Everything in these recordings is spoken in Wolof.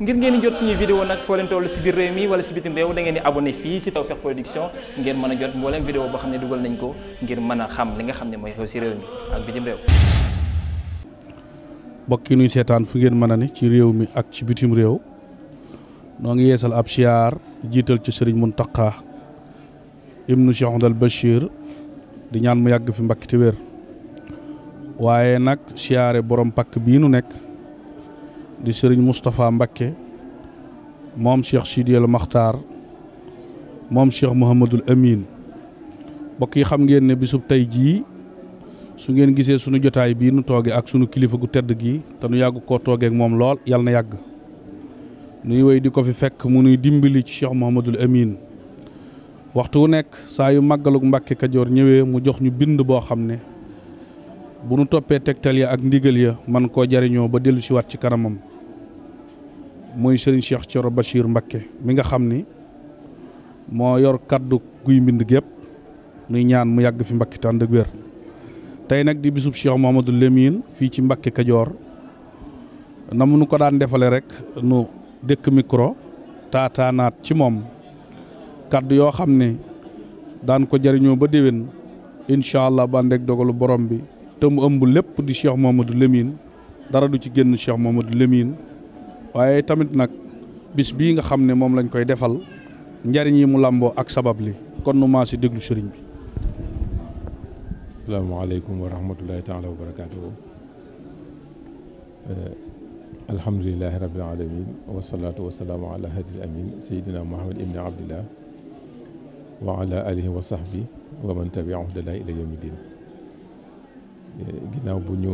ngir ngeen di jot suñuy vidéo nag foo leen toll si biir réew mi wala si bitim réew da ngeen di abonné fii si Tawfekh Production ngeen mën a jot mbooleem vidéo boo xam ne dugal nañ ko ngir mën a xam li nga xam ne mooy xew si réew mi ak bitim réew mbokk seetaan fu ngeen mën a ne ci réew mi ak ci bitim réew noo ngi yeesal ab siyaar jiital ci sëriñ Muntaqa ibnu Cheikh Ahmadal Bachir di ñaan mu yàgg fi mbakk te wér waaye nag siyaare borom pakk bii nu nekk di sëriñ Moustapha Mbakke moom Cheikh Sidiel Makhtar moom Cheikh Mouhamadul Amin mbokk yi xam ngeen ne bisub tey jii su ngeen gisee sunu jotaay bii nu tooge ak sunu kilifa gu tedd gi te nu yàgg koo toogeek moom lool yàlla na yàgg nuy wéy di ko fi fekk mu nuy dimbali ci Cheikh Mouhamadul Amin waxtu wu nekk saa yu màggaluk Mbàkke Kajoor ñëwee mu jox ñu bind boo xam ne bu nu toppee tegtal ya ak ndigal ya man koo jariñoo ba dellu siwaat ci kanamam muy Serigne Cheikh Thioro Bachir Mbacké mi nga xam ni moo yor kaddu guy mbind gépp nuy ñaan mu yàgg fi Mbacké tànd ak wér tey nag di bisub Cheikh Mouhamadou Lemine fii ci Mbacké Kajoor na mu ko daan defale rek nu dëkk micro taataanaat ci moom kaddu yoo xam ne daan ko jariñoo ba déwén incha allah bandeeg dogalu borom bi te mu ëmb lépp di Cheikh Mouhamadou Lemine dara du ci génn Cheikh Mouhamadou Lemine waaye tamit nag bis bii nga xam ne moom lañ koy defal njariñ yi mu làmboo ak sabab li kon nu maa si déglu sëriñ bi asalaamaaleykum wa rahmatullahi taala wa barakaatuhu eh, alhamdulilahi rabbil alamin wasalaatu wasalaamu ala hadil amin sayidina muhammad ibni abdillah wa ala wa sahbi wa man tabiahu dala ila yawmi din ginnaaw bu ñu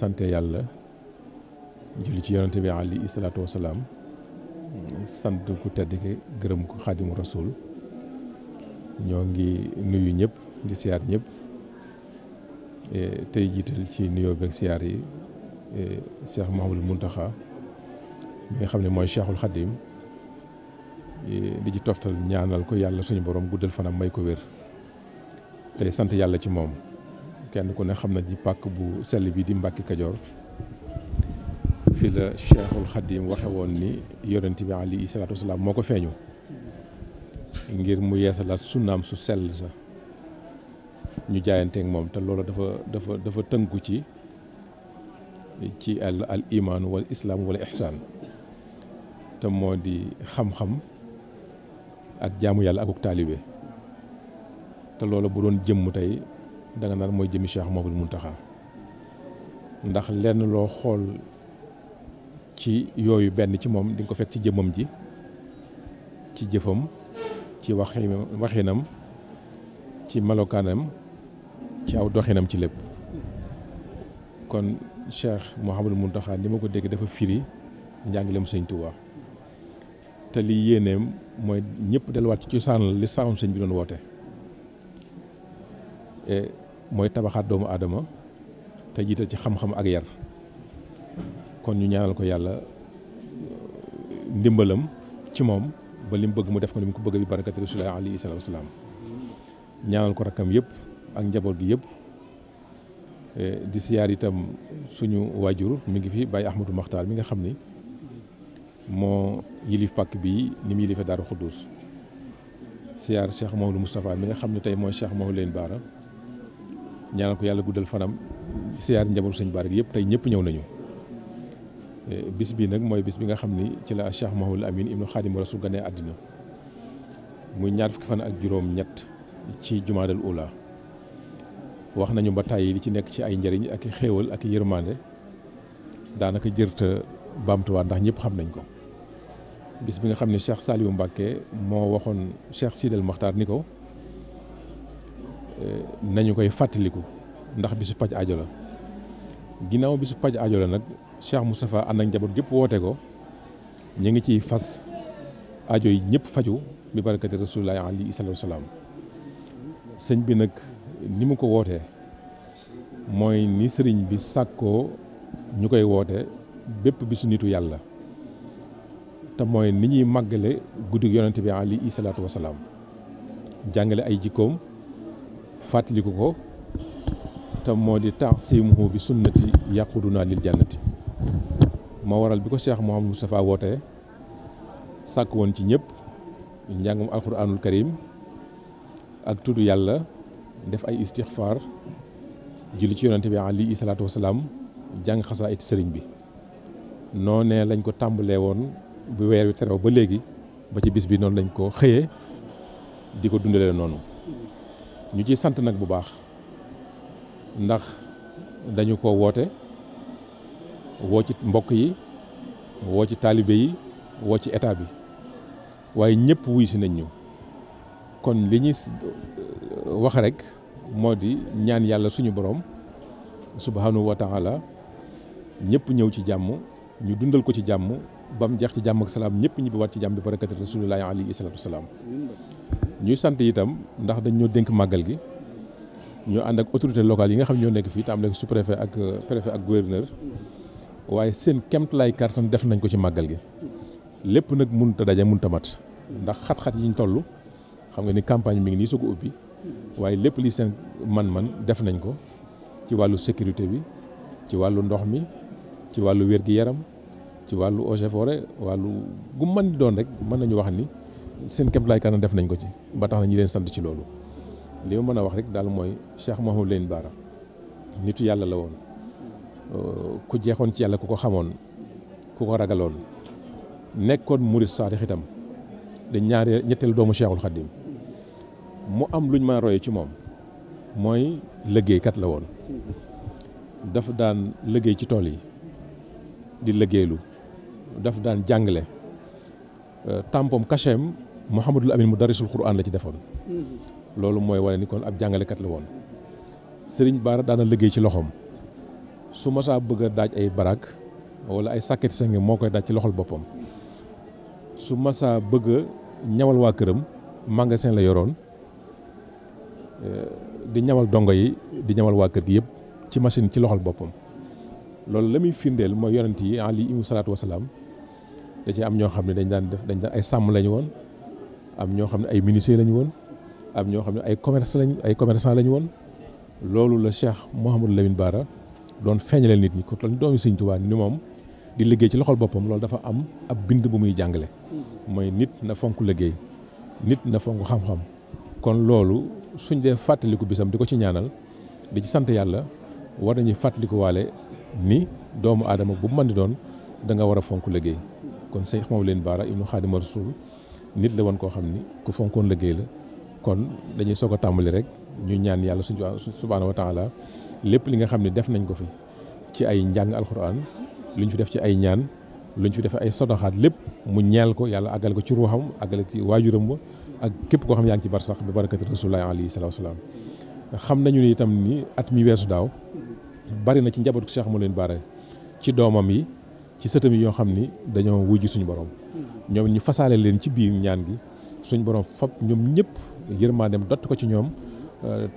sante yàlla julli ci yonante bi alayhi salaatu wasalaam sant ku tedd ki gërëm ko xaadimu rasul ñoo ngi nuyu ñëpp di siyaar ñëpp e, tey jiital ci nuyoo beeg siyaar yi e, Cheikh Mahamadul Muntaxa mi nga xam ne mooy Cheikhul Xadim e, di ci toftal ñaanal ko yàlla suñu borom guddal fanam may ko wér tey sant yàlla ci moom kenn ku ne xam na ji pàkk bu sell bi di Mbàkke Kajoor fi la cheikhul xadim waxe woon ni yonent bi alayhi salaatu wasalaam moo ko feeñu ngir mu yeesalaat sunnaam su sell sa ñu jaayanteek moom te loolu dafa dafa dafa tënku ci ci al al imaan wala islaam wala ixsaan te moo di xam-xam ak jaamu yàlla akuk taalibe te loolu bu doon jëmm tey danga naan mooy jëmmi Cheikh Mouhamadou Mountakha ndax lenn loo xool ci yooyu benn ci moom di ko fekk ci jëmmam ji ci jëfam ci waxi waxinam ci melokaanam ci aw doxinam ci lépp kon moo Cheikh Mouhamadou doxaan li ma ko dégg dafa firi njàngilem sëñ Tuubaa te li yéeneem mooy ñëpp delluwaat ci cosaan la li saamam sëñ bi doon woote e, mooy tabaxaat doomu aadama te jiital ci xam-xam ak yar kon ñu ñaanal ko yàlla ndimbalam ci moom ba li bëgg mu def ko ni mu ko bëgg bi barakati rasulillah alayhi salaatu wasalaam ñaanal ko rakkam yëpp ak njaboot bi yëpp e, di siyaar itam suñu waajur mi ngi fi bàyyi Ahmadou Makhtar mi nga xam ni moo yilif pàkk bii ni mu yilifee Daaru Xuddus siyaar Cheikh Mawlou Moustapha mi nga xam ne tey mooy Cheikh Mawlou leen baara ñaanal ko yàlla guddal fanam siyaar njaboot sëñ baara yëpp tey ñëpp ñëw nañu Eh, bis bii nag mooy bis bi nga xam ni ci la Cheikh Mahmoud Amin ibnu Xaadim su gane àddina muy ñaar fukki fan ak juróom-ñett ci jumaadal ula wax nañu ba tàyyi li ci nekk ci ay njëriñ ak xéewal ak i daanaka jërta baamtuwaat ndax ñëpp xam nañ ko bis bi nga xam ne Cheikh Saliou Mbacke moo waxoon Cheikh Sidel Maxtaar ni ko eh, nañu koy fàttaliku ndax bisu paj aajo la ginnaaw bisu paj aajo la nag Cheikh Moustapha ànd ak njaboot gépp woote ko ñu ngi ciy fas aajo yi ñëpp faju bi barakati rasulullahi alayhi salaatu wasalaam sëñ bi nag ni mu ko wootee mooy ni sëriñ bi sàkkoo ñu koy woote bépp bisu nitu yàlla te mooy ni ñuy màggale guddi yonente bi alayhi salaatu wasalaam jàngale ay jikkoom fàttaliku ko te moo di tax siimuhu bi sunnati yàquduna lil jannati moo waral bi ko Cheikh Mouhamadou Moustapha wootee sàkk woon ci ñëpp njàngum alxuraanul karim ak tudd yàlla def ay istixfaar julli ci yonante bi alayhi salaatu wasalaam jàng xasaa it sëriñ bi noonee lañ ko tàmbalee woon bu weer wi teroo ba léegi ba ci bis bi noonu lañ ko xëyee di ko dundalee noonu ñu ciy sant nag bu baax ndax dañu ko woote woo ci mbokk yi woo ci taalibe yi woo ci état bi waaye ñëpp wuy si nañ ñu kon li ñuy euh, wax rek moo di ñaan yàlla suñu borom subhanahu wa taala ñëpp ñëw ci jàmm ñu dundal ko ci jàmm ba mu jeex ci jàmm ak salaam ñëpp ñibbi waat ci jàmm bi barakati rasulillahi alayhi salaatu salaam ñuy sant itam ndax dañ ñoo dénk màggal gi ñu ànd ak autorité locale yi nga xam ñoo nekk fii tam nekk sous préfet ak euh, préfet ak gouverneur waaye seen kemtalaay kartan def nañ ko ci màggal gi lépp nag mënut a daje mënut a ndax xat-xat yi ñu toll xam nga ni campagne mi ngi nii su ko ubbi waaye lépp li seen man-man def nañ ko ci wàllu sécurité bi ci wàllu ndox mi ci wàllu wér-gi-yaram ci wàllu eaux wàllu gu man di doon rek mën nañu wax ni seen kemtalaay kartan def nañ ko ci ba tax na ñu leen sant ci loolu li ma mën a wax rek daal mooy Cheikh Mouhamadou Lamine Bara nitu yàlla la woon. ku jeexoon ci yàlla ku ko xamoon ku ko ragaloon nekkoon murit saadix itam di ñaareel ñetteelu doomu Cheikhul Khadim mu am luñ mën a roye ci moom mooy liggéeykat la woon dafa daan liggéey ci tool yi di liggéeylu daf daan jàngale euh, tampom kachem Mouhamadul Amin mu darisul Qur'an la ci defoon mm-hmm. loolu mooy wane ni kon ab jàngalekat la woon sëriñ Bara daana liggéey ci loxoom. su masaa saa bëgg daaj ay barak wala ay sàkketi sa moo koy daaj ci loxol boppam su masaa saa bëgg a ñawal waa këram magasin la yoroon eh, di ñawal dongo yi di ñawal waa kër gi yëpp ci machine ci loxol boppam loolu la muy firndeel mooy yonent yi alayhi salaatu wasalaam da ci am ñoo xam ne dañ daan def dañ daan ay sàmm lañu woon am ñoo xam ne ay menuisier lañu woon am ñoo xam ne ay commerce lañ ay commerçant lañu woon loolu la Cheikh Mouhamadou Lamine Bara doon feeñalee nit ñi ku toll doomi Sëñ Tuubaa ni moom di liggéey ci loxol boppam loolu dafa am ab bind bu muy jàngale mooy nit na fonk liggéey nit na fonk xam-xam kon loolu suñ dee fàttaliku bisam di ko ci ñaanal di ci sant yàlla war nañuy fàttaliku waale ni doomu aadama bu mën di doon danga war a fonk liggéey kon Seex Mawlana Baara Ibnu Xaadimu Rasuul nit la wan koo xam ni ku fonkoon liggéey la kon dañuy soog a tàmbali rek ñu ñaan yàlla suñu subhaanahu wa taala lépp li nga xam ne def nañ ko fi ci ay njàng alxuraan lu ñu fi def ci ay ñaan lu ñu fi def ay sodoxaat lépp mu ñeel ko yàlla àggale ko ci ruuxam àggale ko ci waajuram ba ak képp koo xam yaa ngi ci barsax bi barakati rasulullahi alayhi salaatu salaam xam nañu ni itam ni at mi weesu daaw bari na ci njabootu Cheikh mu leen bare ci doomam yi ci sëtam yi yoo xam ni dañoo wujj suñu borom ñoom ñu fasaale leen ci biir ñaan gi suñu borom fab ñoom dem dott ko ci ñoom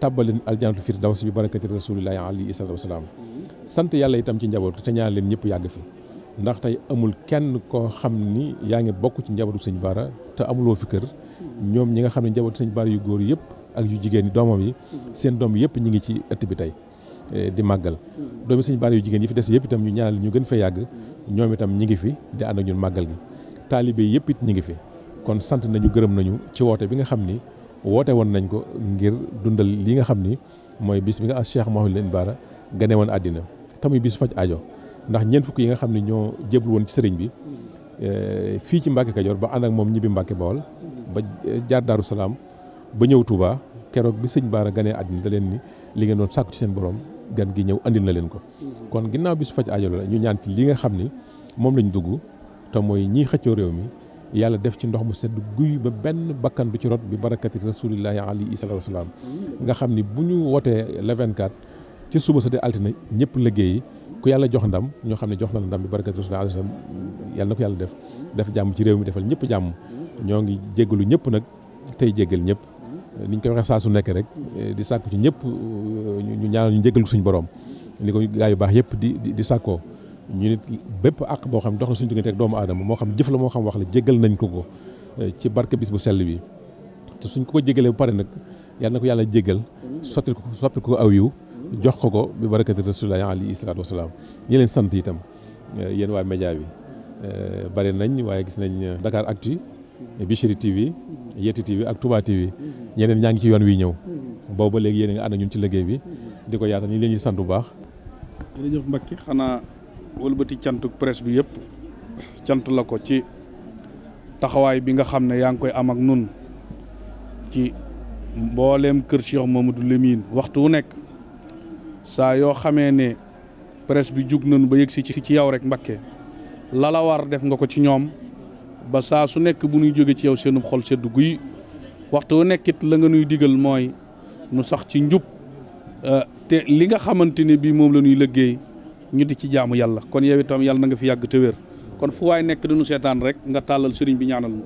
tàbbal leen aljanatul firdaws bi barakati rasulillahi alayhi salaatu wasalaam sant yàlla itam ci njabootu te ñaan leen ñëpp yàgg fi ndax tey amul kenn koo xam ni yaa ngi bokk ci njabootu sëñ Baara te amuloo fi kër ñoom ñi nga xam ne njabootu sëñ Baara yu góor yëpp ak yu jigéen yi doomam yi seen doom yëpp ñi ngi ci ëtt bi tey eh, di màggal doomi sëñ Baara yu jigéen yi fi des yëpp itam ñu ñaanal ñu gën fee yàgg ñoom itam ñi ngi fi di ànd ak ñun màggal gi taalibe yëpp it ñi ngi fi kon sant nañu gërëm nañu ci woote bi nga xam ni woote woon nañ ko ngir dundal li nga xam ni mooy bis bi nga as Cheikh Mouhamadou leen Bara gane woon àddina tamuy bisu faj aajo ndax ñeent fukk yi nga xam ne ñoo jéblu woon ci sëriñ bi eh, fii ci Mbàkke Kajoor ba ànd ak moom ñibbi Mbàkke Bawol ba eh, jaar Daaru Salaam ba ñëw Touba keroog bi sëñ Bara gane àddina da leen ni li ngeen doon sàkku ci seen borom gan gi ñëw andil na leen ko kon ginnaaw bi bisu faj aajo la ñu ñaan ci li nga xam ni moom lañ dugg te mooy ñiy xëccoo réew mi yàlla def ci ndox bu sedd guy ba benn bakkan du ci rot bi barakati rasulillahi alayhi salaam nga xam ni bu ñu wootee le 24 ci suba sa te altine ñëpp liggéeyi ku yàlla jox ndam ñoo xam ne jox na la ndam bi barakati rasulillahi alayhi salaam yàlla na ko yàlla def def jàmm ci réew mi defal ñëpp jàmm ñoo ngi jéggalu ñëpp nag tey jéggal ñëpp ni ñu koy waxee saa su nekk rek di sàkku ci ñëpp ñu ñaanal ñu jéggal ko suñu borom ni ko gaa yu baax yëpp di di sàkkoo ñu nit bépp àq boo xam ne dox na suñu diggante ak doomu aadama moo xam jëf la moo xam wax la jéggal nañ ko ko eh, ci barke bis bu sell bi te suñ ko ko jégalee bu pare nag yàlla na ko yàlla jégal sottil ko sotti ko aw yiw jox ko ko bi barakati rasulillahi alayhi salaatu wasalaam ñi leen sant tam eh, yéen waa média bi eh, bari nañ waaye gis nañ Dakar Actu Bichri TV Yeti TV ak Touba TV ñeneen ñaa ngi ci yoon wi ñëw booba ba léegi yéen a nga ànd ñun ci liggéey bi di ko yaatal bu baax wëlbati cantuk presse bi yëpp cant la ko ci taxawaay bi nga xam ne yaa ngi koy am ak nun ci mbooleem kër Cheikh Mamadou Lamine waxtu wu nekk saa yoo xamee ne presse bi jug nu ba yëg si ci yow rek Mbakke lala war def nga ko ci ñoom ba saa su nekk bu ñuy jóge ci yow seenub xol seddu guy waxtu wu nekkit la nga nuy digal mooy nu sax ci njub euh, te li nga xamante ne bii moom la ñuy liggéey ñu di ci jaamu yàlla kon yow tam yàlla na nga fi yàgg te wér kon fu waaye nekk dañu seetaan rek nga tàllal sëriñ bi ñaanal ma